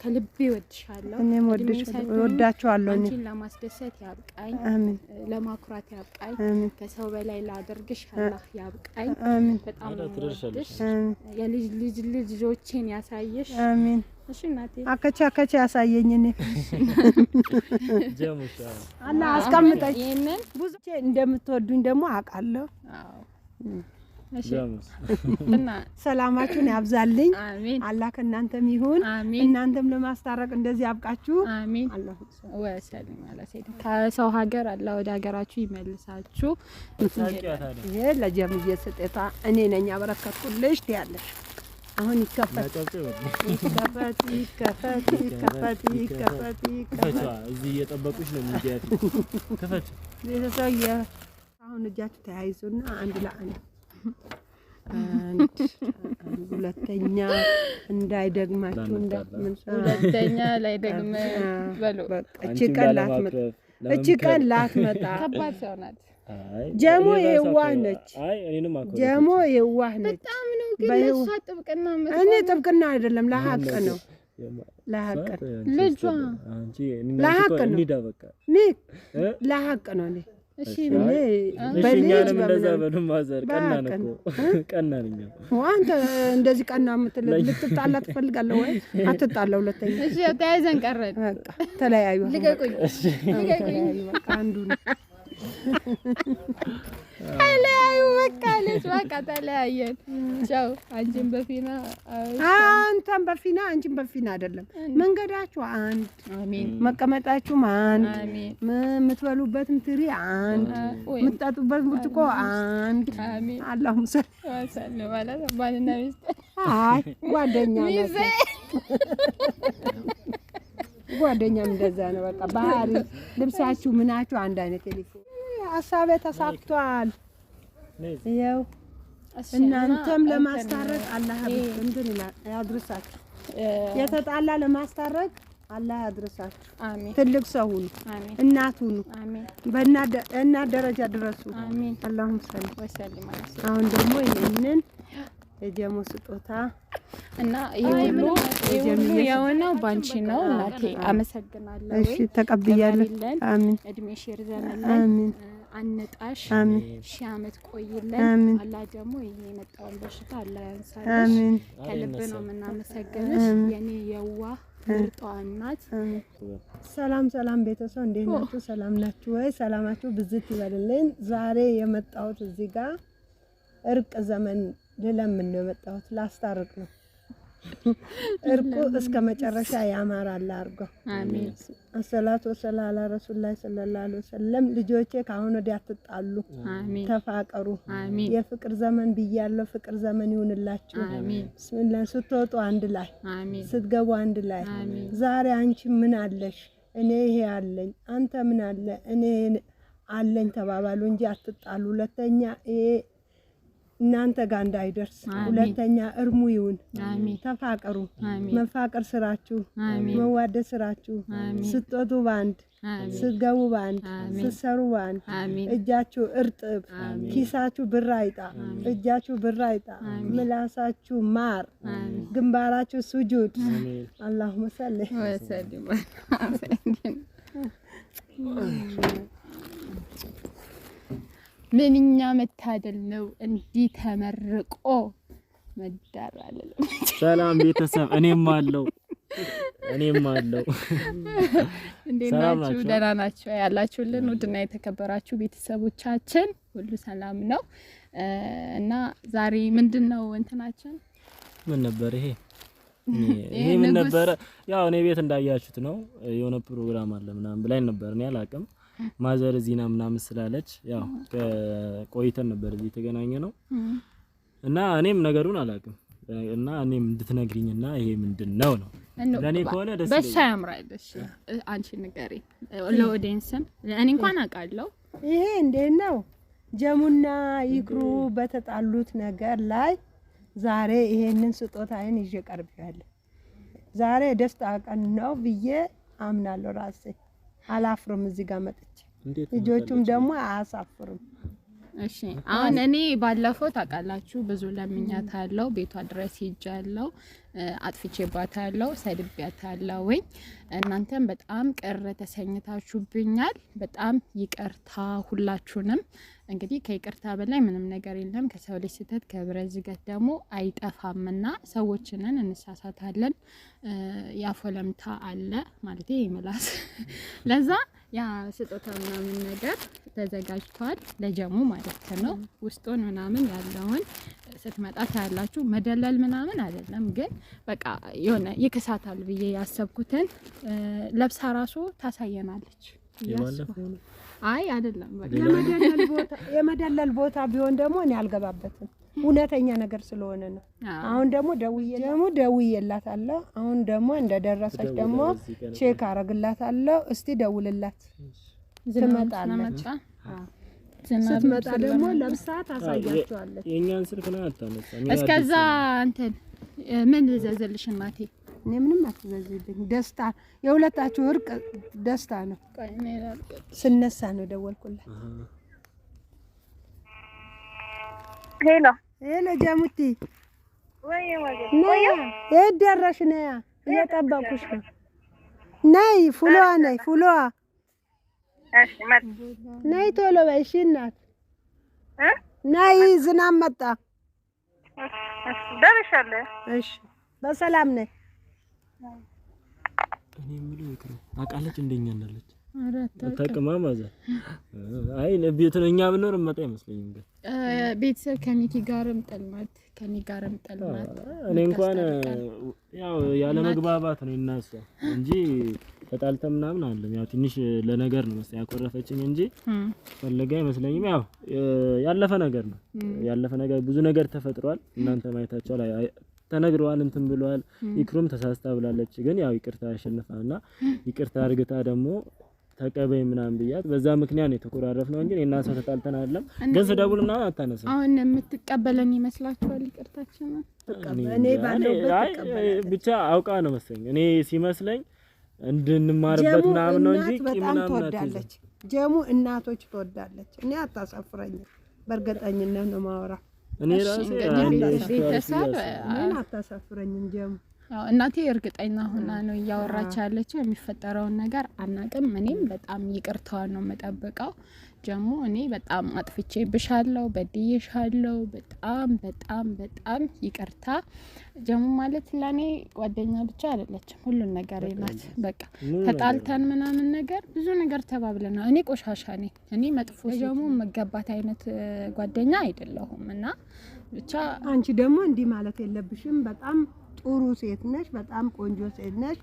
ከልቤ ወድሻለሁ። እኔም እወዳችኋለሁ። አንቺን ለማስደሰት ያብቃኝ፣ ለማኩራት ያብቃኝ፣ ከሰው በላይ ላደርግሽ አላህ ያብቃኝ። አሜን። በጣም ትደርሻለሽ። የልጅ ልጅ ልጆቼን ያሳየሽ። አሜን። እሺ እናቴ፣ አከቼ አከቼ ያሳየኝ። እኔ እና አስቀምጠኝ። ይሄንን ብዙ እንደምትወዱኝ ደግሞ አውቃለሁ። ሰላማችሁን ያብዛልኝ። አላህ ከእናንተም ይሁን። እናንተም ለማስታረቅ እንደዚህ ያብቃችሁ። አሜን። ከሰው ሀገር አላህ ወደ ሀገራችሁ ይመልሳችሁ። ይሄ ለጀምዬ ስጤታ እኔ ነኝ አበረከትኩልሽ ትያለሽ። አሁን ይከፈት ይከፈት ይከፈት ይከፈት ይከፈት እዚህ እየጠበቁሽ ነው። ቤተሰብ አሁን እጃችሁ ተያይዙና አንድ ለአንድ አንድ ሁለተኛ እንዳይደግማችሁ ሁለተኛ ላይ ደግመ እቺ ቀን ላትመጣ እቺ ቀን ላትመጣ ከባድ ሰው ናት። ጀሞ የዋህ ነች። ጀሞ የዋህ ነች። እኔ ጥብቅና አይደለም ለሀቅ ነው። ለሀቅ ነው። ለሀቅ ነው። እኛንም እንደዛ በሉን ማዘር ቀናን እኮ ቀናን። እኛም አንተ እንደዚህ ቀና የምትል ልትጣላ ትፈልጋለህ ወይ? አትጣላ። ሁለተኛ ተያይዘን ቀረን። ተለያዩ። ልቀቁኝ፣ ልቀቁኝ አንዱ ነው ተለያዩ። በቃ አለች። በቃ ተለያየን። ቻው። አንቺን በፊና አንተን በፊና አንቺን በፊና አይደለም። መንገዳችሁ አንድ፣ መቀመጣችሁም አንድ፣ የምትበሉበትም ትሪ አንድ፣ የምትጠጡበት ብርጭቆ አንድ። አላሁ ጓደኛ ጓደኛም እንደዛ ነው። በቃ ባህሪ ልብሳችሁ ምናችሁ አንድ አይነት ቴሌፎን ሀሳቤ ተሳክቷል። ይኸው እናንተም ለማስታረቅ አላህ እንትን ይላል ያድርሳችሁ። የተጣላ ለማስታረቅ አላህ ያድርሳችሁ። ትልቅ ሰው ሁኑ፣ እናት ሁኑ፣ በእናት ደረጃ ድረሱ። አላሁም ሰላም አሁን ደግሞ ይህንን የጀሞ ስጦታ እና ይሁሉ ይሁሉ የሆነው ባንቺ ነው እናቴ። አመሰግናለሁ። እሺ ተቀብያለሁ። አሚን። እድሜ ሼር ዘመን አሚን። አነጣሽ ሺህ ዓመት ቆይለን። አላህ ደግሞ ይሄ የመጣውን በሽታ አላህ ያንሳልሽ። ከልብ ነው የምናመሰግንሽ የኔ የዋ ምርጧ እናት። ሰላም ሰላም ቤተሰብ እንዴት ናችሁ? ሰላም ናችሁ ወይ? ሰላማችሁ ብዝት ይበልልኝ። ዛሬ የመጣሁት እዚህ ጋር እርቅ ዘመን ልለምን ነው የመጣሁት፣ ላስታርቅ ነው እርቁ እስከ መጨረሻ ያማራል አርጎ አሜን። አሰላቱ ወሰላ አላ ረሱላህ ሰለላሁ ዐለይሂ ወሰለም። ልጆቼ ከአሁን ወዲያ አትጣሉ፣ ተፋቀሩ። የፍቅር ዘመን ብያለሁ፣ ፍቅር ዘመን ይሁንላችሁ። ብስሚላህ። ስትወጡ አንድ ላይ፣ ስትገቡ አንድ ላይ። ዛሬ አንቺ ምን አለሽ? እኔ ይሄ አለኝ፣ አንተ ምን አለ? እኔ አለኝ ተባባሉ እንጂ አትጣሉ። ሁለተኛ እናንተ ጋር እንዳይደርስ፣ ሁለተኛ እርሙ ይሁን። ተፋቀሩ። መፋቀር ስራችሁ፣ መዋደድ ስራችሁ። ስትወጡ በአንድ ስትገቡ በአንድ ስትሰሩ በአንድ እጃችሁ እርጥብ፣ ኪሳችሁ ብር አይጣ፣ እጃችሁ ብር አይጣ፣ ምላሳችሁ ማር፣ ግንባራችሁ ሱጁድ። አላሁመ ሰሊ ምንኛ መታደል ነው እንዲህ ተመርቆ መዳር አለለም። ሰላም ቤተሰብ፣ እኔም አለው እኔም አለው። እንዴት ናችሁ? ደህና ናችሁ ያላችሁልን ውድና የተከበራችሁ ቤተሰቦቻችን ሁሉ ሰላም ነው እና ዛሬ ምንድን ነው እንትናችን ምን ነበር ይሄ ይሄ ምን ነበረ? ያው እኔ ቤት እንዳያችሁት ነው የሆነ ፕሮግራም አለ ምናምን ብላኝ ነበር እኔ አላቅም ማዘር ዚና ምናምን ስላለች ያው ቆይተን ነበር እዚህ የተገናኘ ነው እና እኔም ነገሩን አላውቅም እና እኔም እንድትነግሪኝና ይሄ ምንድን ነው ነው ለእኔ ከሆነ ደስ በእሷ ያምራል። እሺ አንቺ ንገሪ ለኦዲየንስም፣ እኔ እንኳን አውቃለሁ። ይሄ እንዴት ነው ጀሙና ይግሩ በተጣሉት ነገር ላይ ዛሬ ይሄንን ስጦታዬን ይዤ ቀርቤያለሁ። ዛሬ ደስታ ቀን ነው ብዬ አምናለሁ ራሴ አላፍርም። እዚህ ጋር መጥቼ ልጆቹም ደግሞ አያሳፍርም። እሺ አሁን እኔ ባለፈው ታውቃላችሁ ብዙ ለምኛት አለው ቤቷ ድረስ ሂጃ አለው አጥፍቼባታለሁ፣ ሰድቤያታለሁኝ። እናንተም በጣም ቅር ተሰኝታችሁብኛል። በጣም ይቅርታ ሁላችሁንም። እንግዲህ ከይቅርታ በላይ ምንም ነገር የለም። ከሰው ልጅ ስህተት ከብረት ዝገት ደግሞ አይጠፋምና ሰዎችንን እንሳሳታለን። ያፎለምታ አለ ማለት ይምላስ ለዛ ያ ስጦታ ምናምን ነገር ተዘጋጅቷል ለጀሙ ማለት ነው። ውስጡን ምናምን ያለውን ስትመጣ ታያላችሁ። መደለል ምናምን አይደለም፣ ግን በቃ የሆነ ይክሳታል ብዬ ያሰብኩትን ለብሳ ራሱ ታሳየናለች። አይ አይደለም፣ የመደለል ቦታ ቢሆን ደግሞ እኔ አልገባበትም። እውነተኛ ነገር ስለሆነ ነው። አሁን ደግሞ ደውዬ ደግሞ ደውዬላታለሁ። አሁን ደግሞ እንደደረሰች ደግሞ ቼክ አረግላታለሁ። እስቲ ደውልላት ትመጣለች። ስትመጣ ደግሞ ለብሳ ታሳያቸዋለች። የእኛን ስልክ ነው አታመጣም። እስከዛ እንትን ምን ልዘዝልሽ እናቴ? እኔ ምንም አትዘዝልኝ። ደስታ የሁለታችሁ እርቅ ደስታ ነው። ስነሳ ነው ደወልኩላት። ሄሎ ሄሎ፣ ጀሙቲ የት ደረሽ? ነያ እየጠበቁሽ ነው። ነይ ፉሎዋ ነይ ፉሎዋ ነይ ቶሎ በይ። እሺ እናት ነይ፣ ዝናብ መጣ። ደርሻለሁ። እሺ በሰላም ነይ። እኔ የምለው የት ነው አውቃለች፣ እንደኛ እንዳለች ታቅማ ማዘ አይ ቤት እኛ ብንኖር እመጣ አይመስለኝም። ግን ቤተሰብ ከሚኪ ጋርም ጠልማት ከኔ ጋርም ጠልማት። እኔ እንኳን ያው ያለ መግባባት ነው እና እንጂ ተጣልተ ምናምን አለም። ያው ትንሽ ለነገር ነው መሰለኝ ያኮረፈችኝ እንጂ ፈለገ አይመስለኝም። ያው ያለፈ ነገር ነው ያለፈ ነገር። ብዙ ነገር ተፈጥሯል። እናንተ ላይ ተነግረዋል፣ እንትን ብለዋል። ይክሩም ተሳስታ ብላለች፣ ግን ያው ይቅርታ ያሸንፋልና ይቅርታ እርግታ ደግሞ ተቀበይ ምናምን ብያት በዛ ምክንያት ነው የተኮራረፍ ነው እንጂ እና ሰው ተጣልተን አይደለም። ግን ስደውል ምናምን አታነሳ። አሁን የምትቀበለን ይመስላችኋል? ይቅርታችን ብቻ አውቃ ነው መሰለኝ እኔ ሲመስለኝ እንድንማርበት ምናምን ነው እንጂ በጣም ትወዳለች። ጀሙ እናቶች ትወዳለች። እኔ አታሳፍረኝም፣ በእርግጠኝነት ነው ማወራ። እኔ ራሴ ምን አታሳፍረኝም ጀሙ እናቴ እርግጠኛ ሆና ነው እያወራች ያለችው። የሚፈጠረውን ነገር አናቅም። እኔም በጣም ይቅርታዋን ነው የምጠብቀው። ደግሞ እኔ በጣም አጥፍቼ ብሻለው በድዬሻለው። በጣም በጣም በጣም ይቅርታ። ጀሙ ማለት ለእኔ ጓደኛ ብቻ አይደለችም፣ ሁሉን ነገር ናት። በቃ ተጣልተን ምናምን ነገር ብዙ ነገር ተባብለና እኔ ቆሻሻ ነኝ። እኔ መጥፎ ጀሙ መገባት አይነት ጓደኛ አይደለሁም። እና ብቻ አንቺ ደግሞ እንዲህ ማለት የለብሽም። በጣም ጥሩ ሴት ነሽ። በጣም ቆንጆ ሴት ነሽ።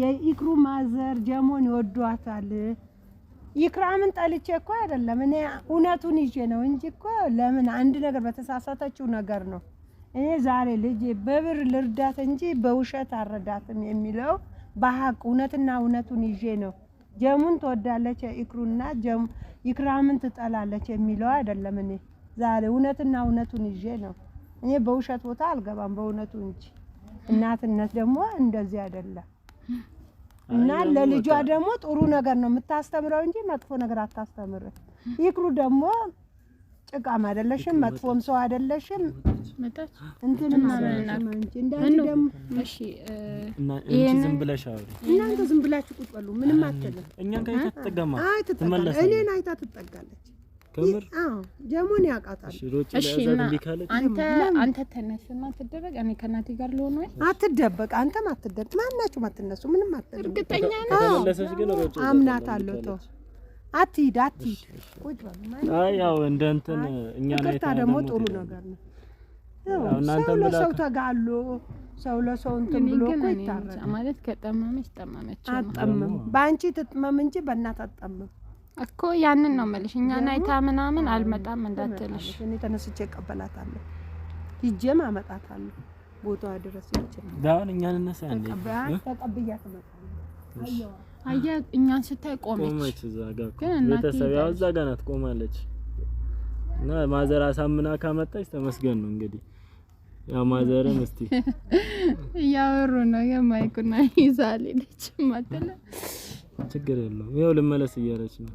የኢክሩ ማዘር ጀሞን ይወዷታል። ይክራምን ጠልቼ እኮ አይደለም። እኔ እውነቱን ይዤ ነው እንጂ እኮ ለምን አንድ ነገር በተሳሳተችው ነገር ነው። እኔ ዛሬ ልጅ በብር ልርዳት እንጂ በውሸት አረዳትም የሚለው በሀቅ እውነትና እውነቱን ይዤ ነው። ጀሙን ትወዳለች ይክሩና ይክራምን ትጠላለች የሚለው አይደለም። እኔ ዛሬ እውነትና እውነቱን ይዤ ነው። እኔ በውሸት ቦታ አልገባም፣ በእውነቱ እንጂ። እናትነት ደግሞ እንደዚህ አይደለም። እና ለልጇ ደግሞ ጥሩ ነገር ነው የምታስተምረው እንጂ መጥፎ ነገር አታስተምር። ይክሩ ደግሞ ጭቃም አይደለሽም፣ መጥፎም ሰው አይደለሽም። እንትንም ዝም እናንተ ዝም ብላችሁ ቁጭ በሉ። ምንም አትልም። እኛን ከአይታ ትጠጋማ፣ እኔን አይታ ትጠጋለች ጀሞን ያውቃታል። እሺ እና አንተ አንተ ተነስና ትደበቅ። እኔ ከእናቴ ጋር ልሆን ወይ? አትደበቅ፣ አንተም አትደበቅ። ማናችሁም አትነሱ፣ ምንም አትደበቅ። እርግጠኛ ነኝ አምናታለሁ። ተው አትሂድ፣ አትሂድ። አይ ያው እንደ እንትን እኛ ነው። ይቅርታ ደግሞ ጥሩ ነገር ነው። ሰው ለሰው ተጋሎ ሰው ለሰው እንትን ብሎ እኮ ይታረቅ ማለት ከጠመመች ጠመመች። አትጠምም፣ በአንቺ ትጥመም እንጂ በእናት አጠመም እኮ ያንን ነው መልሽ። እኛ አይታ ምናምን አልመጣም እንዳትልሽ። እኔ ተነስቼ እቀበላታለሁ፣ ሂጄም አመጣታለሁ ቦታዋ ድረስ። ይችላል። እኛን እነሳ ተቀብያት እመጣለሁ። እኛን ስታይ ቆመች። ቤተሰብ ያው እዛ ጋ ናት ቆማለች። እና ማዘር አሳምና ካመጣች ተመስገን ነው እንግዲህ። ያው እስቲ እያወሩ ነው የማይኩና ማጥለ ችግር የለውም። ይኸው ልመለስ እያለች ነው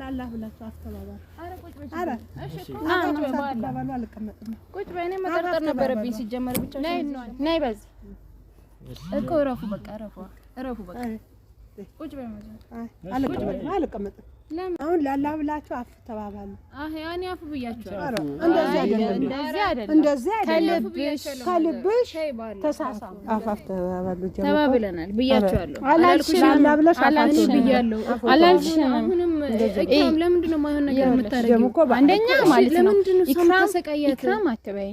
ለአላህ ብላችሁ አስተባባሉ። ኧረ አትባባሉ፣ አልቀመጥም ቁጭ በይ። እኔ መጠርጠር ነበረብኝ ሲጀመር። ብቻ ነይ በዚህ እኮ እረፉ፣ በቃ እረፉ፣ እረፉ፣ በቃ ቁጭ በይ። አልቀመጥም አሁን ላላ ብላችሁ አፍ ተባባሉ። አህ ያኔ አፍ ብያችኋለሁ። እንደዚህ አይደለም፣ እንደዚህ አይደለም። ከልብሽ ከልብሽ ተሳሳሙ። አፍ አፍ ተባባሉ። ተባብለናል ብያችኋለሁ። አላልሽም፣ ላላ ብለሽ አላልሽ ብያለሁ። አላልሽም። አሁንም ኢክራም ለምንድን ነው የማይሆን ነገር የምታደርጊው? አንደኛ ማለት ነው ኢክራም ኢክራም አትበይ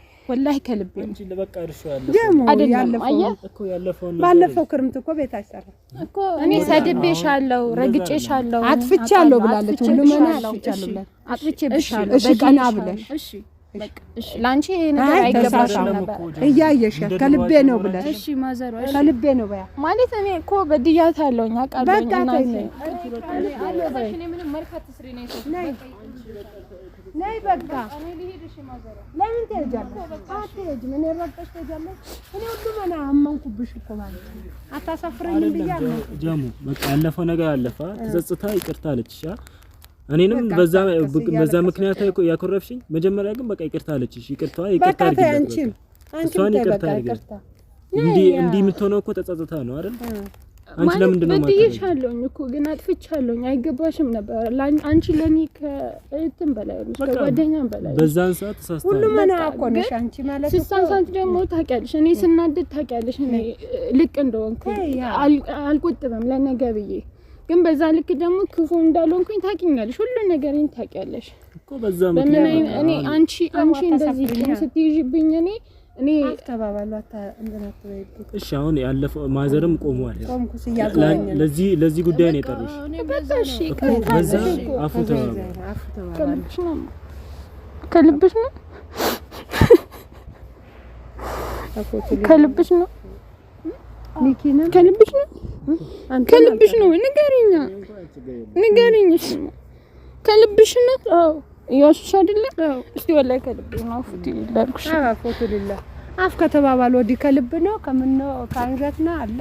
ወላሂ ከልቤ ባለፈው ክርምት እኮ ቤት አይሰራ እኮ እኔ ሰድቤሻለሁ፣ ረግጬሻለሁ፣ አጥፍቻለሁ ብላለች። ሁሉም አጥፍቼብሻለሁ። እሺ ቀና ብለሽ እሺ ለአንቺ ይሄ ነገር አይገባሽም ነበር እያየሽ ከልቤ ነው ብለሽ እሺ ማዘሯ ከልቤ ነው በያ ማለት እኔ እኮ በድያት አለውኝ ነይ በቃ ለምን ትሄጃለሽ? አትሄጂም። እኔ ረግጠሽ ትሄጃለሽ። እኔ ሁሉ መና አመንኩብሽ እኮ ማለት አታሳፍረኝም ብያለሁ። ጀሙ በቃ ያለፈው ነገር አለፈ። ተጸጽታ ይቅርታ አለችሽ። እኔንም በዛ በዛ ምክንያት ያኮረፍሽኝ። መጀመሪያ ግን በቃ ይቅርታ አለችሽ። ይቅርታ ይቅርታ አድርጊ። እሷን ይቅርታ አድርጊ። እንዲህ እንዲህ የምትሆነው እኮ ተጸጽታ ነው አይደል? አንቺ ለምንድን ነው ማለት በድዬሻለሁኝ እኮ ግን አጥፍቻለሁኝ። አይገባሽም ነበር አንቺ ለኔ ከእህትም በላይ ነው ከጓደኛም በላይ በዛን ሰዓት ተሳስተሽ ሁሉም እና እኮ ነሽ አንቺ ማለት ነው። ስሳሳት ደግሞ ታውቂያለሽ፣ እኔ ስናደድ ታውቂያለሽ፣ እኔ ልቅ እንደሆንኩ አልቆጥብም ለነገ ብዬ ግን በዛ ልክ ደግሞ ክፉ እንዳልሆንኩኝ ታውቂኛለሽ። ሁሉ ነገሬን ታውቂያለሽ እኮ በዛ ምክንያት እኔ አንቺ አንቺ እንደዚህ ስትይዥብኝ እኔ እኔ ተባባሉ እሺ፣ አሁን ያለፈው ማዘርም ቆሟል። ለዚህ ለዚህ ጉዳይ ነው የጠሩሽ። በዛ አፉ ከልብሽ ነው ከልብሽ ነው ከልብሽ ነው ከልብሽ ነው ንገሪኝ ከልብሽ ነው። እያወሱሽ አይደለ? እስቲ ወላሂ ከልብ ነው ለርኩሽ ፎቶ ሌላ አፍ ከተባባል ወዲህ ከልብ ነው ከምን ነው ከአንገት ነው አለ።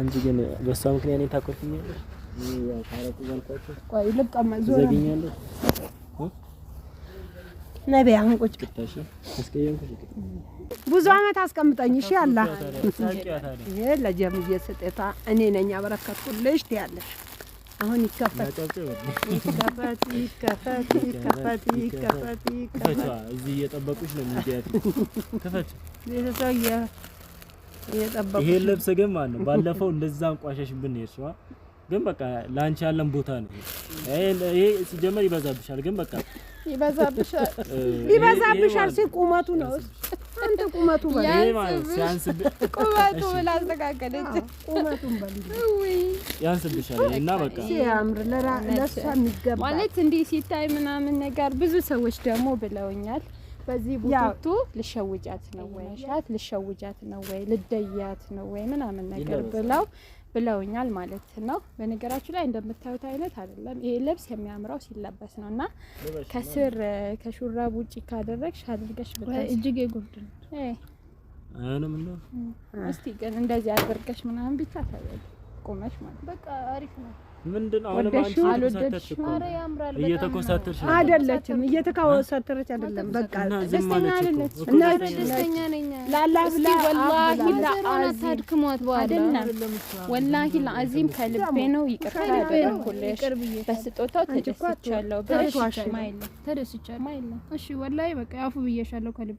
አንቺ ግን በእሷ ምክንያት እኔ ታኮርፍኛለሽ። ቆይ ልቀማ ዞር ዘግኛለሽ። ነቢያ አሁን ቁጭ ብዙ አመት አስቀምጠኝ። እሺ አላ ይሄ ለጀምዬ ስጤታ እኔ ነኝ አበረከትኩልሽ ትያለሽ አሁን ይከፈት ይከፈት ይከፈት ይከፈት ይከፈት ይከፈት። እዚህ እየጠበቁሽ ነው የሚያት ክፈች ቤተሰብ እየጠበቁሽ። ይሄን ልብስ ግን ማለት ነው ባለፈው እንደዛ አንቋሸሽብን ነው ግን በቃ ላንቺ ያለን ቦታ ነው ይሄ። ሲጀመር ይበዛብሻል፣ ግን በቃ ይበዛብሻል። ይበዛብሻል ሲል ቁመቱ ነው። አንተ ቁመቱ ቁመቱ ላስተካከለች ቁመቱን ያንስብሻል። እና በቃ ሲያምር ለእሷ የሚገባ ማለት እንዲህ ሲታይ ምናምን ነገር ብዙ ሰዎች ደግሞ ብለውኛል። በዚህ ቡቱቱ ልሸውጃት ነው ወይ ሻት ልሸውጃት ነው ወይ ልደያት ነው ወይ ምናምን ነገር ብለው ብለውኛል ማለት ነው። በነገራችሁ ላይ እንደምታዩት አይነት አይደለም ይሄ ልብስ የሚያምረው ሲለበስ ነው እና ከስር ከሹራብ ውጭ ካደረግሽ አድርገሽ እጅጌ ጉርድ ነው። እስቲ ግን እንደዚህ አድርገሽ ምናምን ብቻ ታያለሽ ቁመሽ ማለት በቃ አሪፍ ነው። ምንድን አሁንም አንቺ ተኮሳተርሽ እየተኮሳተርሽ አይደለችም፣ እየተኮሳተረች አይደለም። በቃ ደስተኛ አይደለች ደስተኛ ነኝ ላላህ በኋላ ወላሂ ለአዚም ከልቤ ነው። ይቅርታ በስጦታው ተደስቻለሁ። ተደስቻለሁ። እሺ ወላሂ በቃ ያፉ ብዬሻለሁ ከልቤ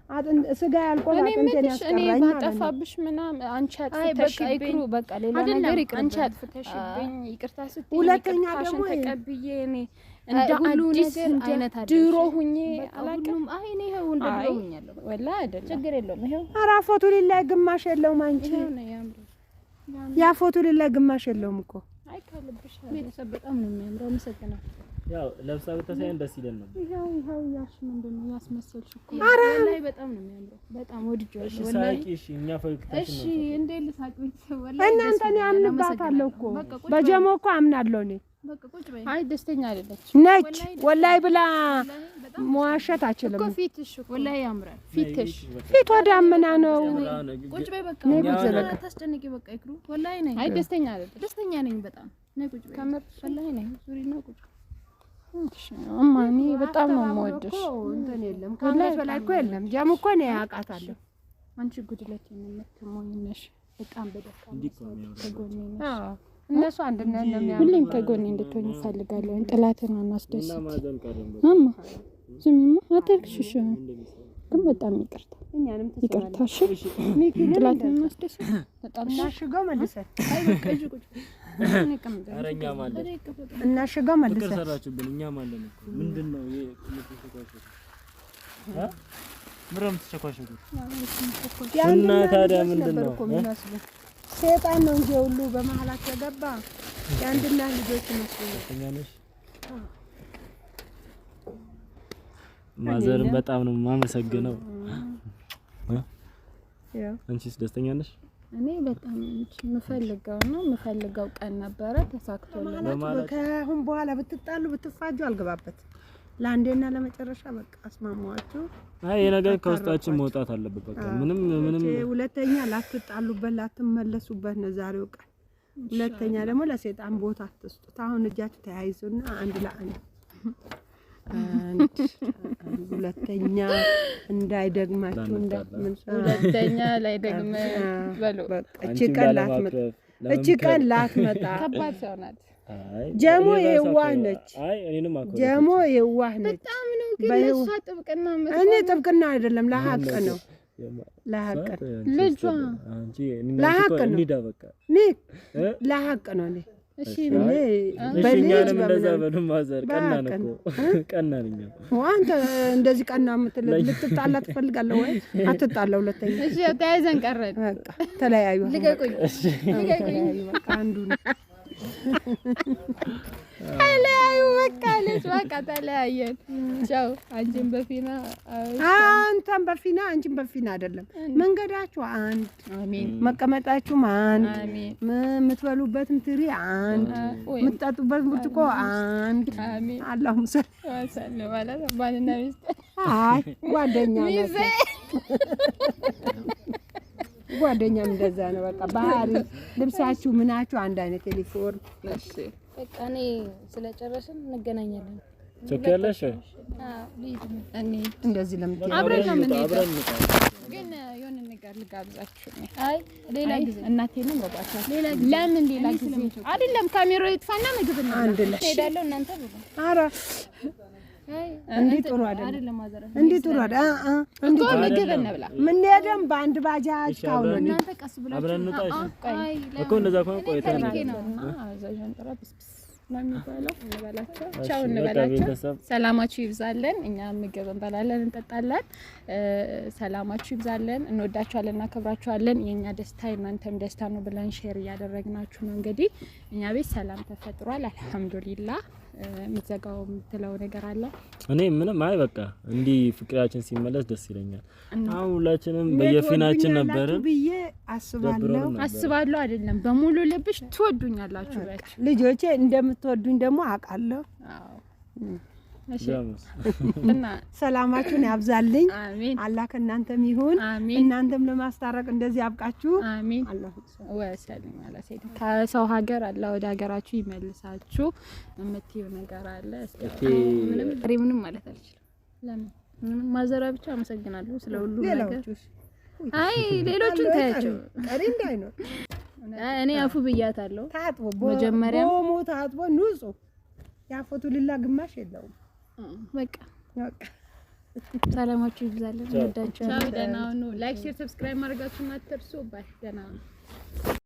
ስጋ ያልቆላ አጥንቴን ያስቀራኝ ባጠፋብሽ ምናምን አንቺ አጥፍተሽብኝ በቃ ሌላ ነገር ይቅር፣ አንቺ አጥፍተሽብኝ ይቅርታ ስትይ ሁለተኛ ደግሞ ተቀብዬ እኔ እንደ አዲስ አይነት ድሮ ሁኜ አላውቅም። አይ እኔ ይኸው እንደሆኛለሁ ወላ አይደለም፣ ችግር የለውም። ይኸው ኧረ ፎቶ ላይ ግማሽ የለውም። አንቺ ያ ፎቶ ላይ ግማሽ የለውም እኮ አይ፣ ከልብሽ ቤተሰብ በጣም ነው የሚያምረው። አመሰግናለሁ። ያው ለብሳ ብታሳይን ደስ ይለን ነው። ይሄው ይሄው ያሽ ምንድን ነው ያስመሰልሽ እኮ ወላሂ በጣም ነው የሚያምረው። በጣም ወድጄዋለሁ ወላሂ። እሺ እሺ፣ እኛ ነው። እሺ፣ እንዴ ልሳቅ ወላሂ። እናንተ እኔ አምንባታለሁ እኮ በጀሞ እኮ አምናለሁ እኔ። አይ ደስተኛ አይደለች ነች ወላሂ ብላ መዋሸት አችልም እኮ ፊትሽ እኮ ወላሂ ያምራል። ፊትሽ ፊት ወደ አምና ነው። ቁጭ በይ በቃ። ነው። ቁጭ በይ በቃ። ታስጨንቂ በቃ ይክሩ ወላሂ ነኝ። አይ ደስተኛ አይደለች። ደስተኛ ነኝ በጣም ነይ ቁጭ በይ ከምር ወላሂ ነኝ ዙሪና ቁጭ እማ በጣም ነው የምወድሽ። እንትን የለም ከሁለት በላይ እኮ የለም። ጀሙ እኮ እኔ አውቃታለሁ። አንቺ ጉድለት የምትሞኝ ነሽ። በጣም እነሱ አንድነት ነው የሚያ ሁሌም ከጎኔ እንድትሆኝ እፈልጋለሁ። ጥላትን አናስደስት። እማ ዝም አታልቅሽሽ። ግን በጣም ይቅርታ ይቅርታሽ። ጥላትን አናስደስት በጣም ሽገው መልሰን አረኛ ማለት እና ሽጋ ማለት ፍቅር ሰራችሁብን። እኛ ማለት ነው ምንድን ነው ምረም እና ታዲያ ምንድን ነው? ሴጣን ነው እንጂ ሁሉ በመሀላት የአንድና ልጆች ማዘርን በጣም ነው የማመሰግነው። አንቺስ ደስተኛ ነሽ? እኔ በጣም የምፈልገው ነው የምፈልገው ቀን ነበረ ተሳክቶልኝ። ከአሁን በኋላ ብትጣሉ ብትፋጁ አልገባበት። ለአንዴና ለመጨረሻ በቃ አስማማዋችሁ። አይ የነገር ከውስጣችን መውጣት አለበት። በቃ ምንም ምንም ሁለተኛ ላትጣሉበት ላትመለሱበት ነው ዛሬው ቀን። ሁለተኛ ደግሞ ለሴጣን ቦታ አትስጡት። አሁን እጃችሁ ተያይዙና አንድ ለአንድ አንድ ሁለተኛ እንዳይደግማችሁ ሁለተኛ ላይደግም በሉ። እቺ ቀን ላትመጣ እቺ ቀን ላትመጣ ከባድ ሰው ናት። ጀሞ የዋህ ነች። ጀሞ የዋህ ነች። ጥብቅና እኔ ጥብቅና አይደለም ለሀቅ ነው ለሀቅ ነው ልጇ ለሀቅ ነው ለሀቅ ነው እኔ እሺ እንደዛ በሉ ማዘር አንተ እንደዚህ ቀና የምትል ልትጣላ ትፈልጋለህ ወይ? አትጣላ። ሁለተኛ እሺ ተያይዘን ቀረን። ተለያዩ። ልቀቁኝ፣ ልቀቁኝ አንዱ ተለያዩ። በቃ አለች። በቃ ተለያየን። ቻው። አንቺን በፊና አንተን በፊና አንቺን በፊና አይደለም። መንገዳችሁ አንድ፣ መቀመጣችሁም አንድ፣ የምትበሉበትም ትሪ አንድ፣ የምትጠጡበት ብርጭቆ አንድ። አላሁ ማለት ባልና ሚስት ጓደኛ ጓደኛም እንደዛ ነው። በቃ ባህሪ፣ ልብሳችሁ፣ ምናችሁ አንድ አይነት ዩኒፎርም። እሺ በቃ እኔ ስለጨረስን እንገናኛለን። ትከለሽ እኔ እንደዚህ ለምን አብረን ግን የሆነ ነገር ልጋብዛችሁ። አይ ሌላ ጊዜ እናቴንም ረባችሁ። ሌላ ጊዜ ለምን ሌላ ጊዜ አይደለም። ካሜራ ይጥፋና ምግብ እንሄዳለን እናንተ ኧረ እንዲህ ጥሩ አይደለም። እንዲህ ጥሩ አይደለም። በአንድ ባጃጅ ካሁን እናንተ ቀስ ሰላማችሁ ይብዛለን። እኛ ምግብ እንበላለን፣ እንጠጣለን። ሰላማችሁ ይብዛለን። እንወዳችኋለን፣ እናከብራችኋለን። የእኛ ደስታ የእናንተም ደስታ ነው ብለን ሼር እያደረግናችሁ ነው። እንግዲህ እኛ ቤት ሰላም ተፈጥሯል። አልሐምዱሊላህ። የምትዘጋው የምትለው ነገር አለ? እኔ ምንም አይ በቃ እንዲህ ፍቅራችን ሲመለስ ደስ ይለኛል። አሁን ሁላችንም በየፊናችን ነበር ብዬ አስባለሁ አስባለሁ አይደለም፣ በሙሉ ልብሽ ትወዱኛላችሁ ልጆቼ፣ እንደምትወዱኝ ደግሞ አውቃለሁ። ሰላማችሁን ያብዛልኝ። አሜን። አላህ ከእናንተም ይሁን። አሜን። እናንተም ለማስታረቅ እንደዚህ ያብቃችሁ። ከሰው ሀገር አላህ ወደ ሀገራችሁ ይመልሳችሁ። የምትይው ነገር አለ? እስኪ ምንም ማለት አልችልም። ለምን ማዘራ ብቻ አመሰግናለሁ ስለ ሁሉ ነገር። አይ ሌሎቹን ታያቸው ቀሪ እንዳይ ነው እኔ አፉ ብያታለሁ። ታጥቦ መጀመሪያ ታጥቦ ንጹህ ያፎቱ ልላ ግማሽ የለውም በቃ ሰላማችሁ ይብዛለን። ወዳችሁ ላይክ፣ ሼር፣ ሰብስክራይብ ማድረጋችሁ አትርሱ። ባይ ደህና